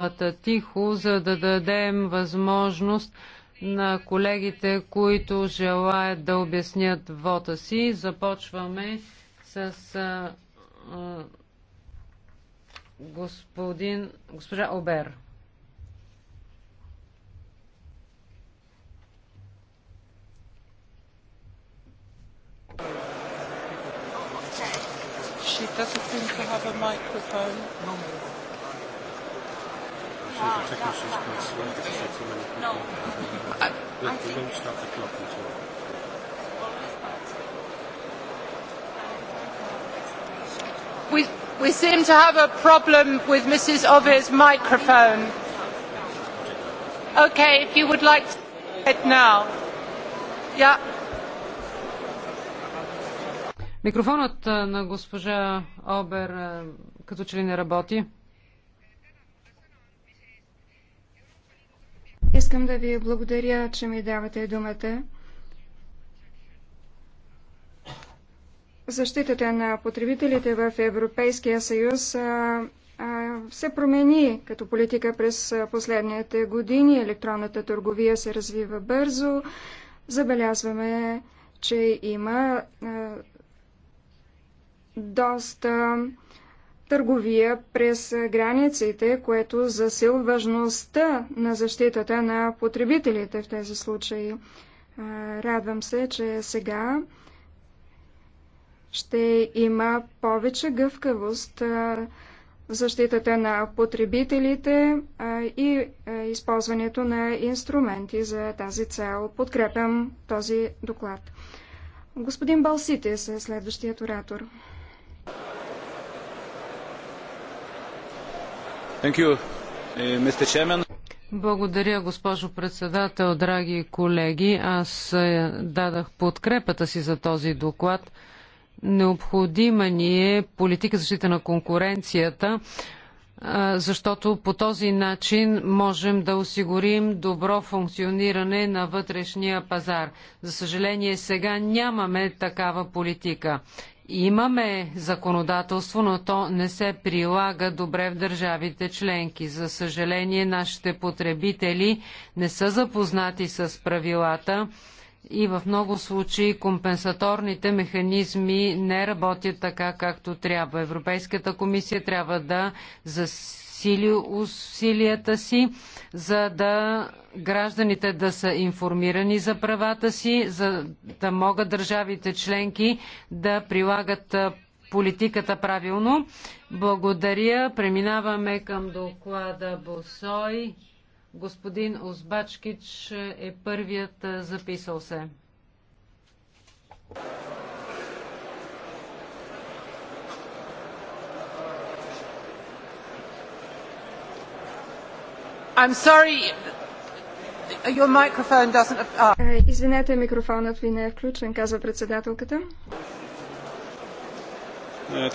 залата тихо, за да дадем възможност на колегите, които желаят да обяснят вота си. Започваме с а, а, господин, госпожа Обер. She doesn't seem to have a microphone. No. We, we seem to have a problem with Mrs. Ovir's microphone. Okay, if you would like to it now. Yeah. Микрофонът на госпожа Обер като че ли не работи. Искам да ви благодаря, че ми давате думата. Защитата на потребителите в Европейския съюз а, а, се промени като политика през последните години. Електронната търговия се развива бързо. Забелязваме, че има а, доста а, търговия през границите, което засил важността на защитата на потребителите в тези случаи. Радвам се, че сега ще има повече гъвкавост в защитата на потребителите и използването на инструменти за тази цел. Подкрепям този доклад. Господин Балсите е следващият оратор. Eh, Благодаря, госпожо председател, драги колеги. Аз е, дадах подкрепата си за този доклад. Необходима ни е политика защита на конкуренцията, е, защото по този начин можем да осигурим добро функциониране на вътрешния пазар. За съжаление, сега нямаме такава политика. Имаме законодателство, но то не се прилага добре в държавите членки. За съжаление, нашите потребители не са запознати с правилата и в много случаи компенсаторните механизми не работят така, както трябва. Европейската комисия трябва да засили усилията си, за да гражданите да са информирани за правата си, за да могат държавите членки да прилагат политиката правилно. Благодаря. Преминаваме към доклада Босой. Господин Озбачкич е първият записал се. I'm sorry. Your microphone doesn't... Ah. Е, извинете, микрофонът ви не е включен, казва председателката.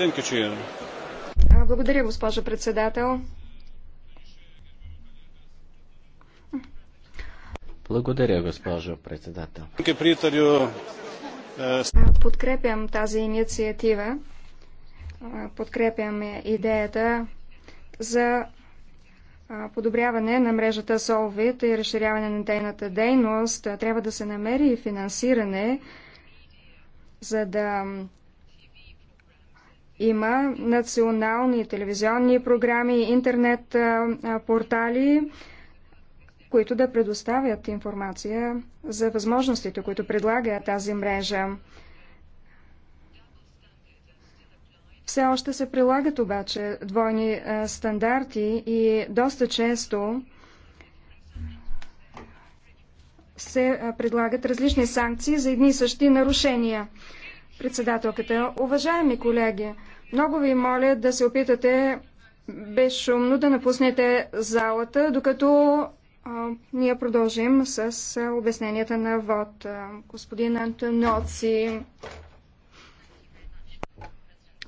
Е, благодаря, госпожо председател. Благодаря, госпожо председател. Подкрепям тази инициатива. Подкрепям идеята за подобряване на мрежата Solvit и разширяване на тейната дейност. Трябва да се намери и финансиране, за да има национални телевизионни програми, интернет портали, които да предоставят информация за възможностите, които предлага тази мрежа. Все още се прилагат обаче двойни е, стандарти и доста често се е, предлагат различни санкции за едни и същи нарушения. Председателката, уважаеми колеги, много ви моля да се опитате безшумно да напуснете залата, докато ние продължим с обясненията на ВОД. Господин Антоноци.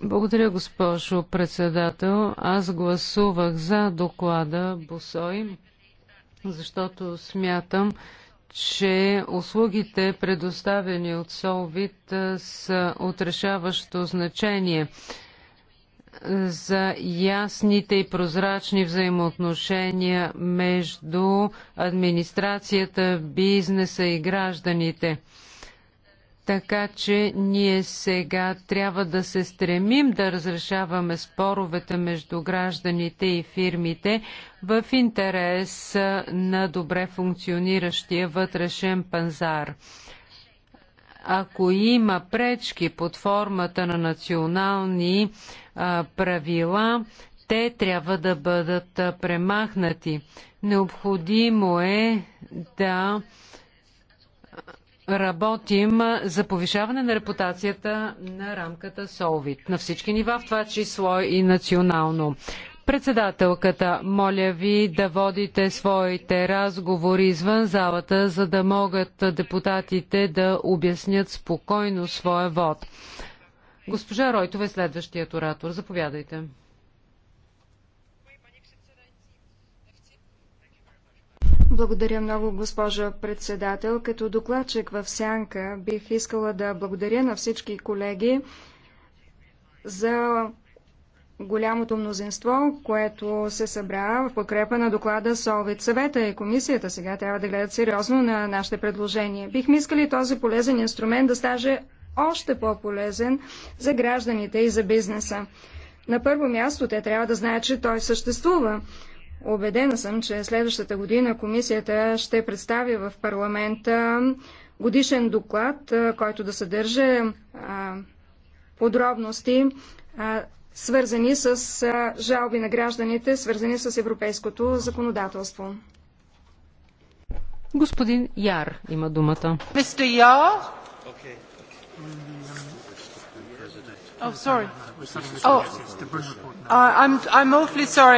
Благодаря, госпожо председател. Аз гласувах за доклада Босой, защото смятам, че услугите, предоставени от Солвит, са отрешаващо значение за ясните и прозрачни взаимоотношения между администрацията, бизнеса и гражданите. Така че ние сега трябва да се стремим да разрешаваме споровете между гражданите и фирмите в интерес на добре функциониращия вътрешен пазар ако има пречки под формата на национални а, правила, те трябва да бъдат а, премахнати. Необходимо е да работим за повишаване на репутацията на рамката Солвит на всички нива, в това число и национално. Председателката, моля ви да водите своите разговори извън залата, за да могат депутатите да обяснят спокойно своя вод. Госпожа Ройтова е следващият оратор. Заповядайте. Благодаря много, госпожа председател. Като докладчик в Сянка бих искала да благодаря на всички колеги за голямото мнозинство, което се събра в подкрепа на доклада Солвит. Съвета и комисията сега трябва да гледат сериозно на нашите предложения. Бихме искали този полезен инструмент да стаже още по-полезен за гражданите и за бизнеса. На първо място те трябва да знаят, че той съществува. Обедена съм, че следващата година комисията ще представи в парламента годишен доклад, който да съдържа подробности свързани с жалби на гражданите, свързани с европейското законодателство. Господин Яр има думата. Мистер Яр? Oh, oh,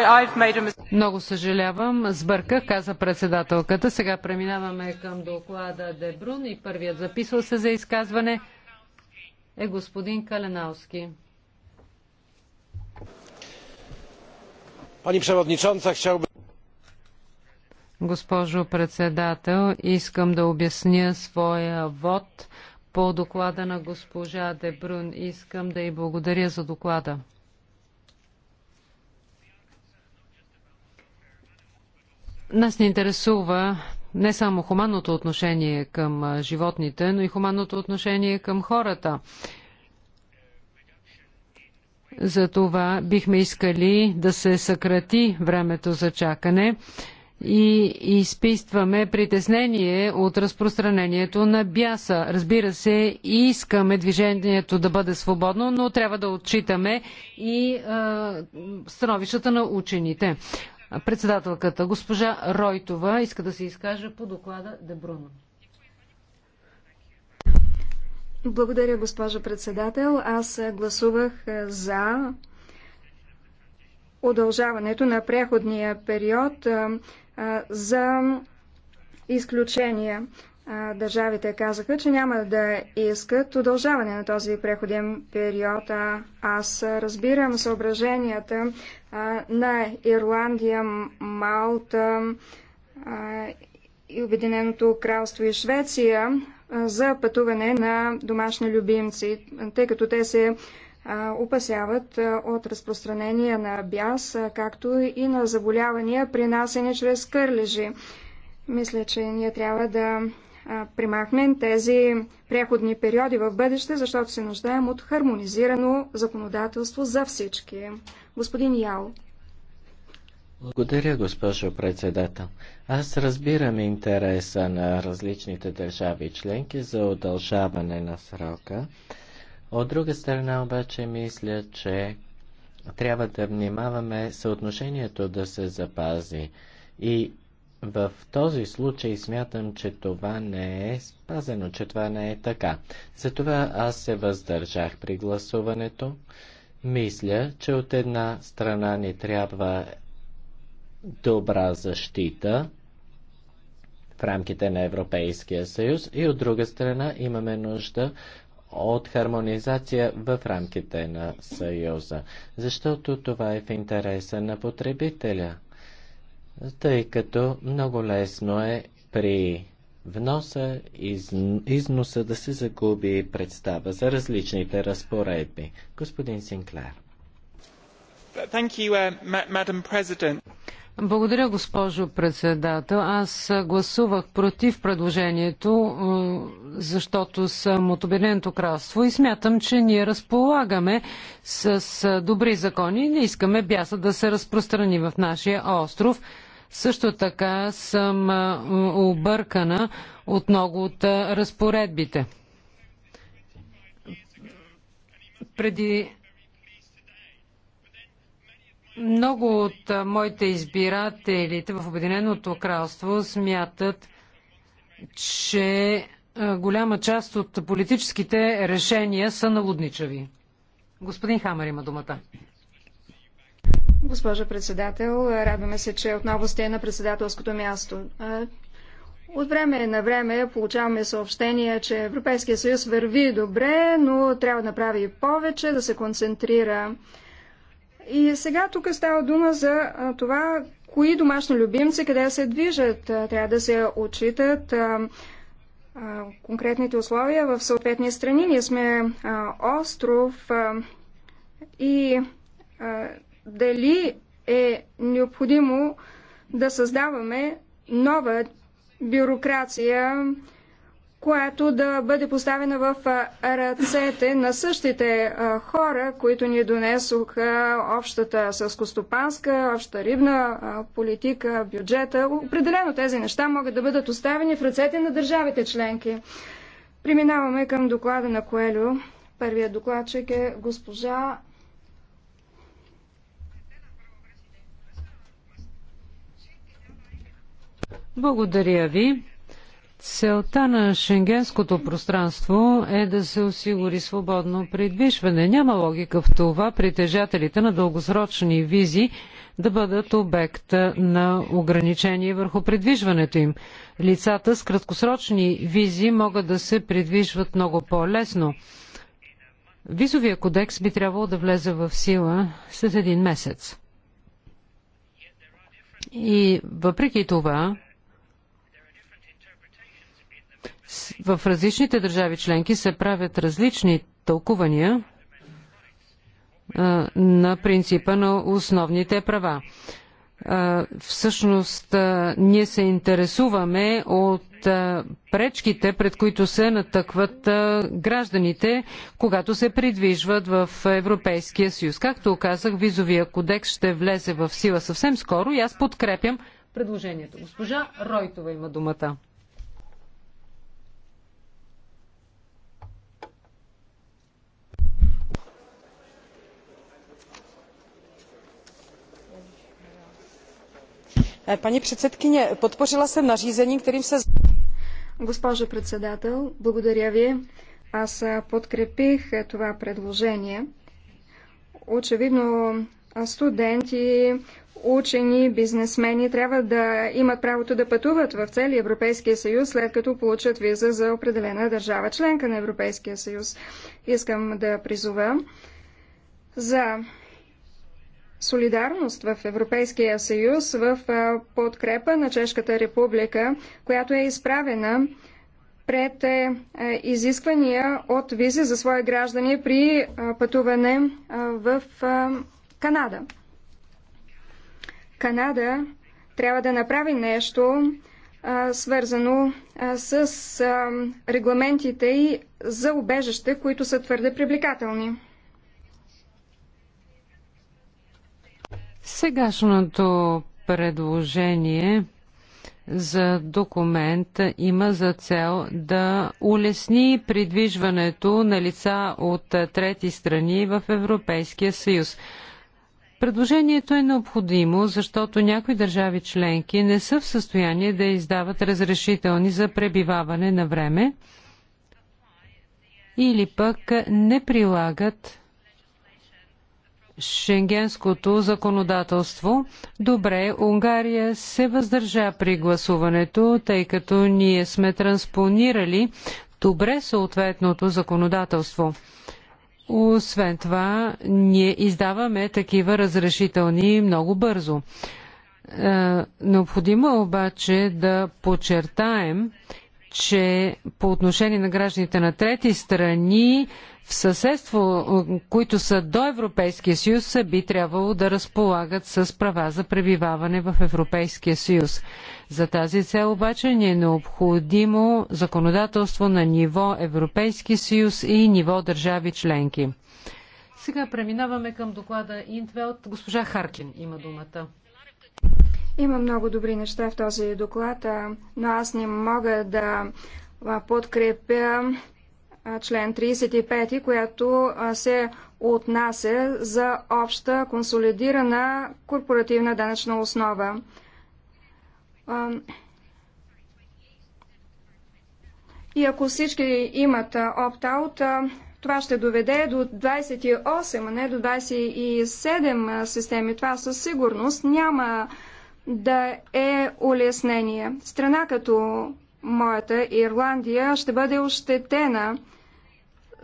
oh, Много съжалявам, сбърках, каза председателката. Сега преминаваме към доклада Дебрун и първият записал се за изказване е господин Каленалски. Pani przewodnicząca, chciałbym. Госпожо председател, искам да обясня своя вод по доклада на госпожа Дебрун. Искам да й благодаря за доклада. Нас ни интересува не само хуманното отношение към животните, но и хуманното отношение към хората. За това бихме искали да се съкрати времето за чакане и изписваме притеснение от разпространението на бяса. Разбира се, искаме движението да бъде свободно, но трябва да отчитаме и е, становищата на учените. Председателката, госпожа Ройтова, иска да се изкаже по доклада Дебруно. Благодаря, госпожа председател. Аз гласувах е, за удължаването на преходния период е, е, за изключения. Държавите казаха, че няма да искат удължаване на този преходен период. Аз разбирам съображенията на Ирландия, Малта и Обединеното кралство и Швеция за пътуване на домашни любимци, тъй като те се опасяват от разпространение на бяс, както и на заболявания, принасени чрез кърлежи. Мисля, че ние трябва да примахнем тези преходни периоди в бъдеще, защото се нуждаем от хармонизирано законодателство за всички. Господин Ял. Благодаря, госпожо председател. Аз разбирам интереса на различните държави членки за удължаване на срока. От друга страна обаче мисля, че трябва да внимаваме съотношението да се запази. И в този случай смятам, че това не е спазено, че това не е така. Затова аз се въздържах при гласуването. Мисля, че от една страна ни трябва добра защита в рамките на Европейския съюз и от друга страна имаме нужда от хармонизация в рамките на Съюза, защото това е в интереса на потребителя, тъй като много лесно е при вноса и износа да се загуби представа за различните разпоредби. Господин Синклер. Thank you, uh, благодаря, госпожо председател. Аз гласувах против предложението, е, защото съм от Обединеното кралство и смятам, че ние разполагаме с добри закони и не искаме бяса да се разпространи в нашия остров. Също така съм е, объркана от много от е, разпоредбите. Преди много от моите избирателите в Обединеното кралство смятат, че голяма част от политическите решения са налудничави. Господин Хамър има думата. Госпожо председател, радваме се, че отново сте на председателското място. От време на време получаваме съобщения, че Европейския съюз върви добре, но трябва да направи повече, да се концентрира и сега тук става дума за това, кои домашни любимци къде се движат. Трябва да се отчитат конкретните условия в съответни страни. Ние сме остров и дали е необходимо да създаваме нова бюрокрация, която да бъде поставена в ръцете на същите хора, които ни донесоха общата сълскостопанска, обща рибна политика, бюджета. Определено тези неща могат да бъдат оставени в ръцете на държавите членки. Преминаваме към доклада на Коелю. Първият докладчик е госпожа Благодаря ви. Целта на шенгенското пространство е да се осигури свободно придвижване. Няма логика в това притежателите на дългосрочни визи да бъдат обект на ограничение върху придвижването им. Лицата с краткосрочни визи могат да се придвижват много по-лесно. Визовия кодекс би трябвало да влезе в сила след един месец. И въпреки това, в различните държави членки се правят различни тълкувания на принципа на основните права. Всъщност, ние се интересуваме от пречките, пред които се натъкват гражданите, когато се придвижват в Европейския съюз. Както казах, визовия кодекс ще влезе в сила съвсем скоро и аз подкрепям предложението. Госпожа Ройтова има думата. Е, paní předsedkyně, podpořila jsem nařízení, kterým се... Госпожо председател, благодаря ви. Аз подкрепих е, това предложение. Очевидно студенти, учени, бизнесмени трябва да имат правото да пътуват в целия Европейския съюз, след като получат виза за определена държава, членка на Европейския съюз. Искам да призова за солидарност в Европейския съюз в подкрепа на Чешката република, която е изправена пред е, е, изисквания от визи за свои граждани при пътуване в Канада. Канада трябва да направи нещо свързано с регламентите и за убежище, които са твърде привлекателни. Сегашното предложение за документ има за цел да улесни придвижването на лица от трети страни в Европейския съюз. Предложението е необходимо, защото някои държави членки не са в състояние да издават разрешителни за пребиваване на време или пък не прилагат шенгенското законодателство. Добре, Унгария се въздържа при гласуването, тъй като ние сме транспонирали добре съответното законодателство. Освен това, ние издаваме такива разрешителни много бързо. Е, необходимо е обаче да подчертаем, че по отношение на гражданите на трети страни в съседство, които са до Европейския съюз, би трябвало да разполагат с права за пребиваване в Европейския съюз. За тази цел обаче ни е необходимо законодателство на ниво Европейски съюз и ниво държави членки. Сега преминаваме към доклада Интвелт. Госпожа Харкин има думата. Има много добри неща в този доклад, но аз не мога да подкрепя член 35, която се отнася за обща консолидирана корпоративна данъчна основа. И ако всички имат опт-аут, това ще доведе до 28, а не до 27 системи. Това със сигурност няма да е улеснение. Страна като моята Ирландия ще бъде ощетена,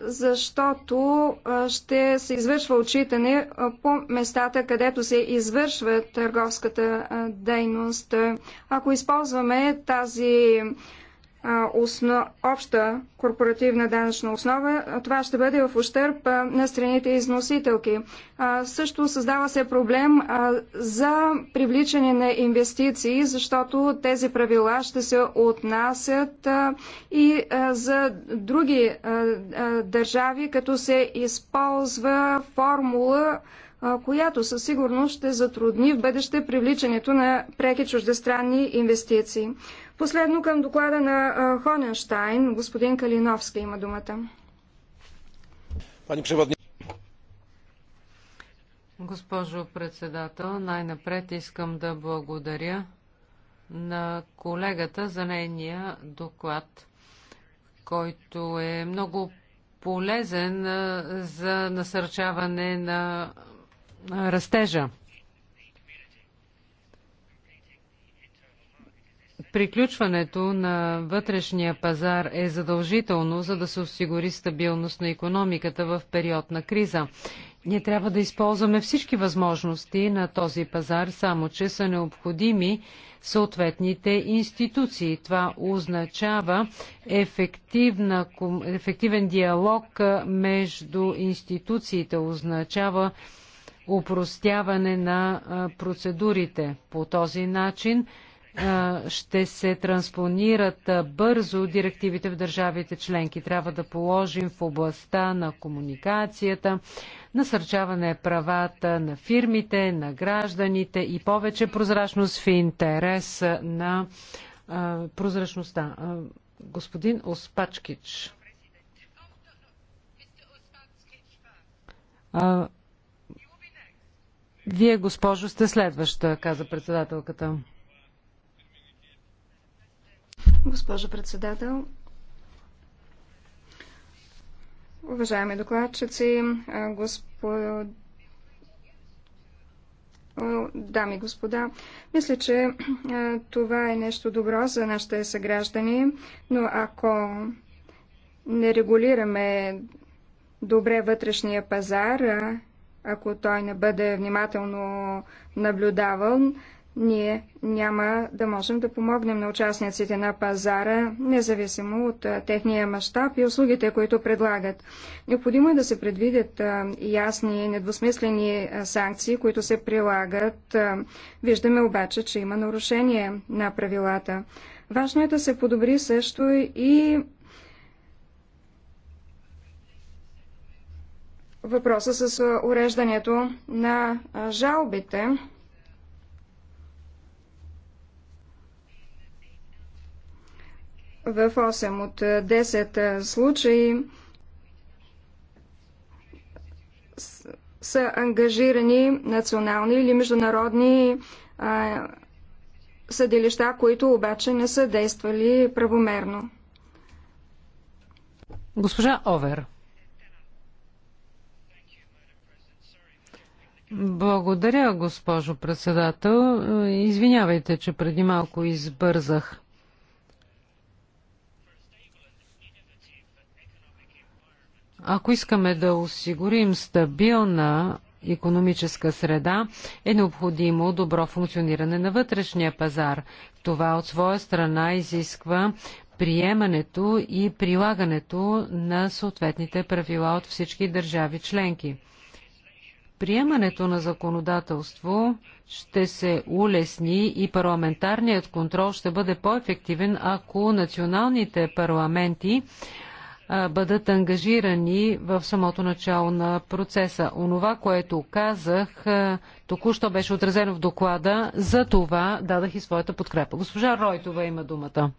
защото ще се извършва отчитане по местата, където се извършва търговската дейност. Ако използваме тази основ, обща корпоративна данъчна основа, това ще бъде в ущърп на страните износителки. Също създава се проблем за привличане на инвестиции, защото тези правила ще се отнасят и за други държави, като се използва формула която със сигурност ще затрудни в бъдеще привличането на преки чуждестранни инвестиции. Последно към доклада на Хоненштайн, господин Калиновски има думата. Пани Преводни... Госпожо председател, най-напред искам да благодаря на колегата за нейния доклад, който е много полезен за насърчаване на растежа. Приключването на вътрешния пазар е задължително, за да се осигури стабилност на економиката в период на криза. Ние трябва да използваме всички възможности на този пазар, само че са необходими съответните институции. Това означава ефективен диалог между институциите, означава упростяване на процедурите. По този начин ще се транспонират бързо директивите в държавите членки. Трябва да положим в областта на комуникацията, насърчаване правата на фирмите, на гражданите и повече прозрачност в интерес на прозрачността. господин Оспачкич. вие, госпожо, сте следваща, каза председателката. Госпожо председател, уважаеми докладчици, господ... дами и господа, мисля, че това е нещо добро за нашите съграждани, но ако не регулираме добре вътрешния пазар, ако той не бъде внимателно наблюдаван, ние няма да можем да помогнем на участниците на пазара, независимо от техния мащаб и услугите, които предлагат. Необходимо е да се предвидят ясни и недвусмислени санкции, които се прилагат. Виждаме обаче, че има нарушение на правилата. Важно е да се подобри също и въпроса с уреждането на жалбите. В 8 от 10 е, е, случаи са ангажирани национални или международни а, е, съдилища, които обаче не са действали правомерно. Госпожа Овер. Благодаря, госпожо председател. Извинявайте, че преди малко избързах. Ако искаме да осигурим стабилна економическа среда, е необходимо добро функциониране на вътрешния пазар. Това от своя страна изисква приемането и прилагането на съответните правила от всички държави членки. Приемането на законодателство ще се улесни и парламентарният контрол ще бъде по-ефективен, ако националните парламенти бъдат ангажирани в самото начало на процеса. Онова, което казах, току-що беше отразено в доклада, за това дадах и своята подкрепа. Госпожа Ройтова има думата.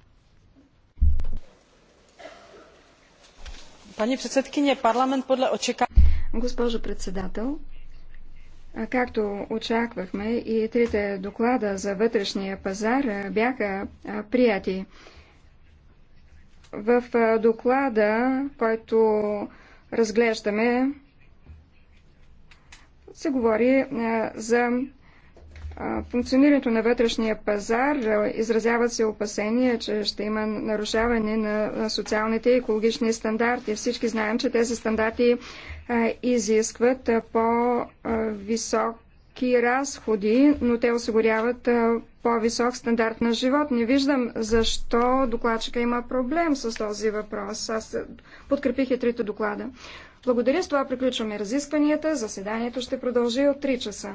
Пани председкиня, парламент подле очека... Госпожо председател, Както очаквахме, и трите доклада за вътрешния пазар бяха прияти. В доклада, който разглеждаме, се говори за функционирането на вътрешния пазар. Изразяват се опасения, че ще има нарушаване на социалните и екологични стандарти. Всички знаем, че тези стандарти изискват по-висок всички разходи, но те осигуряват по-висок стандарт на живот. Не виждам защо докладчика има проблем с този въпрос. Аз подкрепих и трите доклада. Благодаря, с това приключваме разискванията. Заседанието ще продължи от 3 часа.